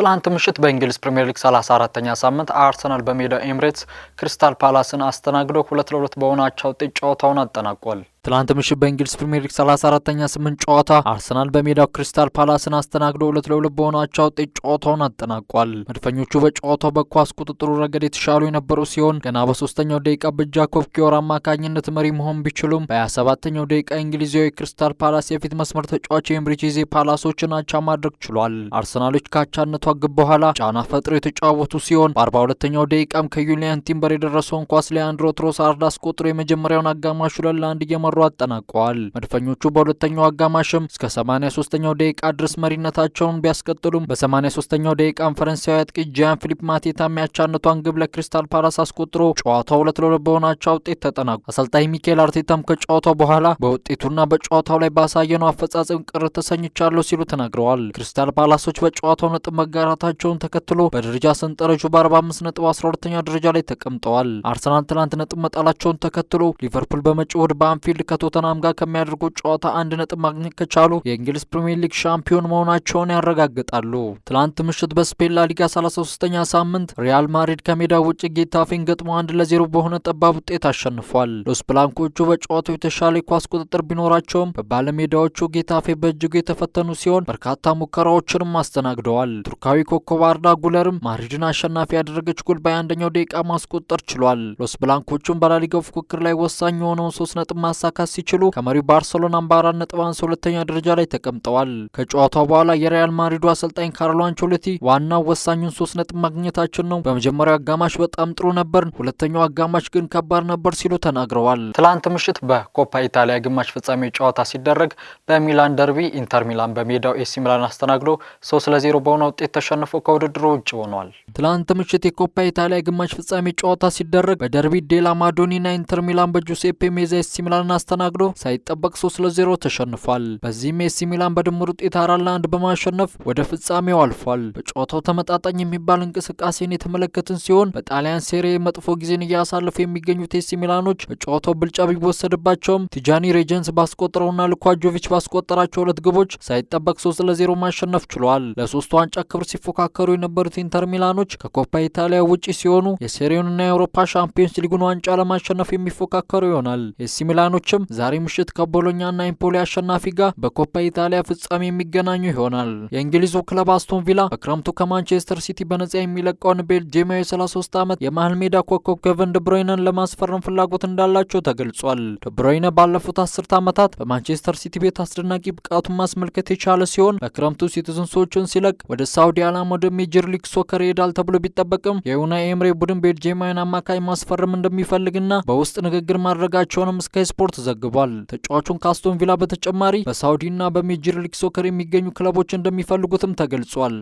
ትላንት ምሽት በእንግሊዝ ፕሪምየር ሊግ 34ተኛ ሳምንት አርሰናል በሜዳ ኤምሬትስ ክሪስታል ፓላስን አስተናግዶ ሁለት ለሁለት በሆነ አቻ ውጤት ጨዋታውን አጠናቋል። ትላንት ምሽት በእንግሊዝ ፕሪምየር ሊግ 34ኛ ስምንት ጨዋታ አርሰናል በሜዳው ክሪስታል ፓላስን አስተናግዶ ሁለት ለሁለት በሆናቸው ውጤት ጨዋታውን አጠናቋል። መድፈኞቹ በጨዋታው በኳስ ቁጥጥሩ ረገድ የተሻሉ የነበሩ ሲሆን ገና በሶስተኛው ደቂቃ በጃኮብ ኪዮር አማካኝነት መሪ መሆን ቢችሉም በ27ኛው ደቂቃ እንግሊዛዊ ክሪስታል ፓላስ የፊት መስመር ተጫዋች የምብሪቼዜ ፓላሶችን አቻ ማድረግ ችሏል። አርሰናሎች ካቻነቷ ግብ በኋላ ጫና ፈጥሮ የተጫወቱ ሲሆን በ42ኛው ደቂቃም ከዩሊያን ቲምበር የደረሰውን ኳስ ሊያንድሮ ትሮሳርድ አስቆጥሮ የመጀመሪያውን አጋማሽ ሁለት ለአንድ እየመሩ አጠናቀዋል። መድፈኞቹ በሁለተኛው አጋማሽም እስከ 83ኛው ደቂቃ ድረስ መሪነታቸውን ቢያስቀጥሉም በ83ኛው ደቂቃ ፈረንሳዊ አጥቂ ጂያን ፊሊፕ ማቴታ የሚያቻነቷን ግብ ለክሪስታል ፓላስ አስቆጥሮ ጨዋታው ሁለት ለሁለት በሆናቻ ውጤት ተጠናቁ። አሰልጣኝ ሚካኤል አርቴታም ከጨዋታው በኋላ በውጤቱና በጨዋታው ላይ ባሳየነው አፈጻጸም ቅር ተሰኝቻለሁ ሲሉ ተናግረዋል። ክሪስታል ፓላሶች በጨዋታው ነጥብ መጋራታቸውን ተከትሎ በደረጃ ሰንጠረዡ በ45 ነጥብ 12ኛ ደረጃ ላይ ተቀምጠዋል። አርሰናል ትናንት ነጥብ መጣላቸውን ተከትሎ ሊቨርፑል በመጪው እሁድ በአንፊልድ ሊግ ከቶተናም ጋር ከሚያደርጉት ጨዋታ አንድ ነጥብ ማግኘት ከቻሉ የእንግሊዝ ፕሪምየር ሊግ ሻምፒዮን መሆናቸውን ያረጋግጣሉ። ትላንት ምሽት በስፔን ላሊጋ 33ኛ ሳምንት ሪያል ማድሪድ ከሜዳ ውጭ ጌታፌን ገጥሞ አንድ ለዜሮ በሆነ ጠባብ ውጤት አሸንፏል። ሎስ ብላንኮቹ በጨዋታው የተሻለ የኳስ ቁጥጥር ቢኖራቸውም በባለሜዳዎቹ ጌታፌ በእጅጉ የተፈተኑ ሲሆን በርካታ ሙከራዎችንም አስተናግደዋል። ቱርካዊ ኮከብ አርዳ ጉለርም ማድሪድን አሸናፊ ያደረገች ጎል በአንደኛው ደቂቃ ማስቆጠር ችሏል። ሎስ ብላንኮቹም በላሊጋው ፉክክር ላይ ወሳኝ የሆነውን ሶስት ነጥብ ማሳ ማሳካት ሲችሉ ከመሪው ባርሰሎና በአራት ነጥብ አንስ ሁለተኛ ደረጃ ላይ ተቀምጠዋል። ከጨዋታው በኋላ የሪያል ማድሪዱ አሰልጣኝ ካርሎ አንቸሎቲ ዋናው ወሳኙን ሶስት ነጥብ ማግኘታችን ነው። በመጀመሪያው አጋማሽ በጣም ጥሩ ነበር ሁለተኛው አጋማሽ ግን ከባድ ነበር ሲሉ ተናግረዋል። ትላንት ምሽት በኮፓ ኢታሊያ ግማሽ ፍጻሜ ጨዋታ ሲደረግ በሚላን ደርቢ ኢንተር ሚላን በሜዳው ኤሲ ሚላን አስተናግዶ ሶስት ለዜሮ በሆነ ውጤት ተሸንፎ ከውድድሩ ውጭ ሆኗል። ትላንት ምሽት የኮፓ ኢታሊያ ግማሽ ፍጻሜ ጨዋታ ሲደረግ በደርቢ ዴላ ማዶኒና ኢንተር ሚላን በጁሴፔ ሜዛ ኤሲ ሚላን አስተናግዶ ሳይጠበቅ 3 ለ0 ተሸንፏል። በዚህም ኤሲ ሚላን በድምር ውጤት አራት ለአንድ በማሸነፍ ወደ ፍጻሜው አልፏል። በጨዋታው ተመጣጣኝ የሚባል እንቅስቃሴን የተመለከትን ሲሆን በጣሊያን ሴሬ መጥፎ ጊዜን እያሳለፉ የሚገኙት ኤሲ ሚላኖች በጨዋታው ብልጫ ቢወሰድባቸውም ቲጃኒ ሬጀንስ ባስቆጠረውና ልኳጆቪች ባስቆጠራቸው ሁለት ግቦች ሳይጠበቅ 3 ለ0 ማሸነፍ ችሏል። ለሶስቱ ዋንጫ ክብር ሲፎካከሩ የነበሩት ኢንተር ሚላኖች ከኮፓ ኢታሊያ ውጪ ሲሆኑ የሴሬውንና የአውሮፓ ሻምፒዮንስ ሊጉን ዋንጫ ለማሸነፍ የሚፎካከሩ ይሆናል። ኤሲ ሚላኖች ቡድኖችም ዛሬ ምሽት ከቦሎኛና ኢምፖሊ አሸናፊ ጋር በኮፓ ኢታሊያ ፍጻሜ የሚገናኙ ይሆናል። የእንግሊዙ ክለብ አስቶን ቪላ በክረምቱ ከማንቸስተር ሲቲ በነጻ የሚለቀውን ቤልጅማዊ የ33 ዓመት የመሃል ሜዳ ኮከብ ኬቨን ድብሮይነን ለማስፈረም ፍላጎት እንዳላቸው ተገልጿል። ድብሮይነ ባለፉት አስርት ዓመታት በማንቸስተር ሲቲ ቤት አስደናቂ ብቃቱን ማስመልከት የቻለ ሲሆን በክረምቱ ሲቲዝንሶቹን ሲለቅ ወደ ሳውዲ አላም ወደ ሜጀር ሊግ ሶከር ይሄዳል ተብሎ ቢጠበቅም የዩናይ ኤምሬ ቡድን ቤልጅማዊን አማካይ ማስፈረም እንደሚፈልግና በውስጥ ንግግር ማድረጋቸውንም ስካይ ስፖርት ዘግቧል። ተጫዋቹን ከአስቶን ቪላ በተጨማሪ በሳውዲና በሜጅር ሊግ ሶከር የሚገኙ ክለቦች እንደሚፈልጉትም ተገልጿል።